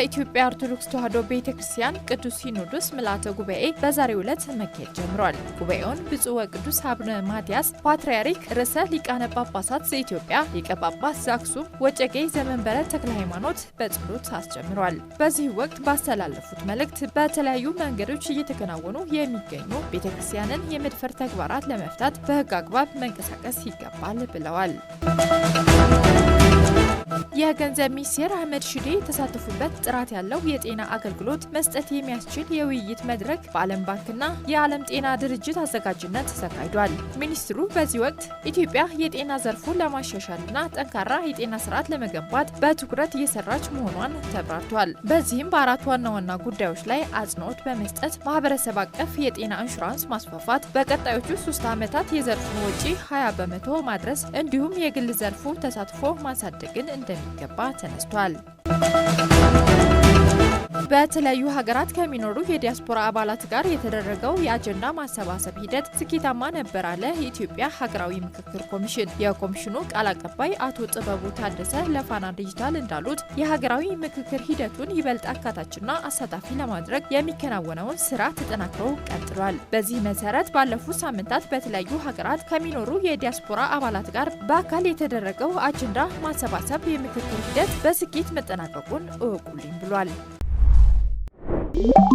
የኢትዮጵያ ኦርቶዶክስ ተዋሕዶ ቤተ ክርስቲያን ቅዱስ ሲኖዶስ ምልዓተ ጉባኤ በዛሬው ዕለት መካሄድ ጀምሯል። ጉባኤውን ብፁዕ ወቅዱስ አቡነ ማትያስ ፓትርያርክ ርዕሰ ሊቃነ ጳጳሳት ዘኢትዮጵያ ሊቀ ጳጳስ ዘአክሱም ወጨጌ ዘመንበረ ተክለ ሃይማኖት በጸሎት አስጀምሯል። በዚህ ወቅት ባስተላለፉት መልእክት በተለያዩ መንገዶች እየተከናወኑ የሚገኙ ቤተ ክርስቲያንን የመድፈር ተግባራት ለመፍታት በህግ አግባብ መንቀሳቀስ ይገባል ብለዋል። የገንዘብ ሚኒስቴር አህመድ ሽዴ የተሳተፉበት ጥራት ያለው የጤና አገልግሎት መስጠት የሚያስችል የውይይት መድረክ በዓለም ባንክና የዓለም ጤና ድርጅት አዘጋጅነት ተካሂዷል። ሚኒስትሩ በዚህ ወቅት ኢትዮጵያ የጤና ዘርፉን ለማሻሻልና ጠንካራ የጤና ስርዓት ለመገንባት በትኩረት እየሰራች መሆኗን ተብራርቷል። በዚህም በአራት ዋና ዋና ጉዳዮች ላይ አጽንኦት በመስጠት ማህበረሰብ አቀፍ የጤና ኢንሹራንስ ማስፋፋት፣ በቀጣዮቹ ሶስት ዓመታት የዘርፉን ወጪ 20 በመቶ ማድረስ እንዲሁም የግል ዘርፉ ተሳትፎ ማሳደግን እንደሚ እንደሚገባ ተነስቷል። በተለያዩ ሀገራት ከሚኖሩ የዲያስፖራ አባላት ጋር የተደረገው የአጀንዳ ማሰባሰብ ሂደት ስኬታማ ነበር አለ የኢትዮጵያ ሀገራዊ ምክክር ኮሚሽን። የኮሚሽኑ ቃል አቀባይ አቶ ጥበቡ ታደሰ ለፋና ዲጂታል እንዳሉት የሀገራዊ ምክክር ሂደቱን ይበልጥ አካታችና አሳታፊ ለማድረግ የሚከናወነውን ስራ ተጠናክረው ቀጥሏል። በዚህ መሰረት ባለፉት ሳምንታት በተለያዩ ሀገራት ከሚኖሩ የዲያስፖራ አባላት ጋር በአካል የተደረገው አጀንዳ ማሰባሰብ የምክክር ሂደት በስኬት መጠናቀቁን እወቁልኝ ብሏል። you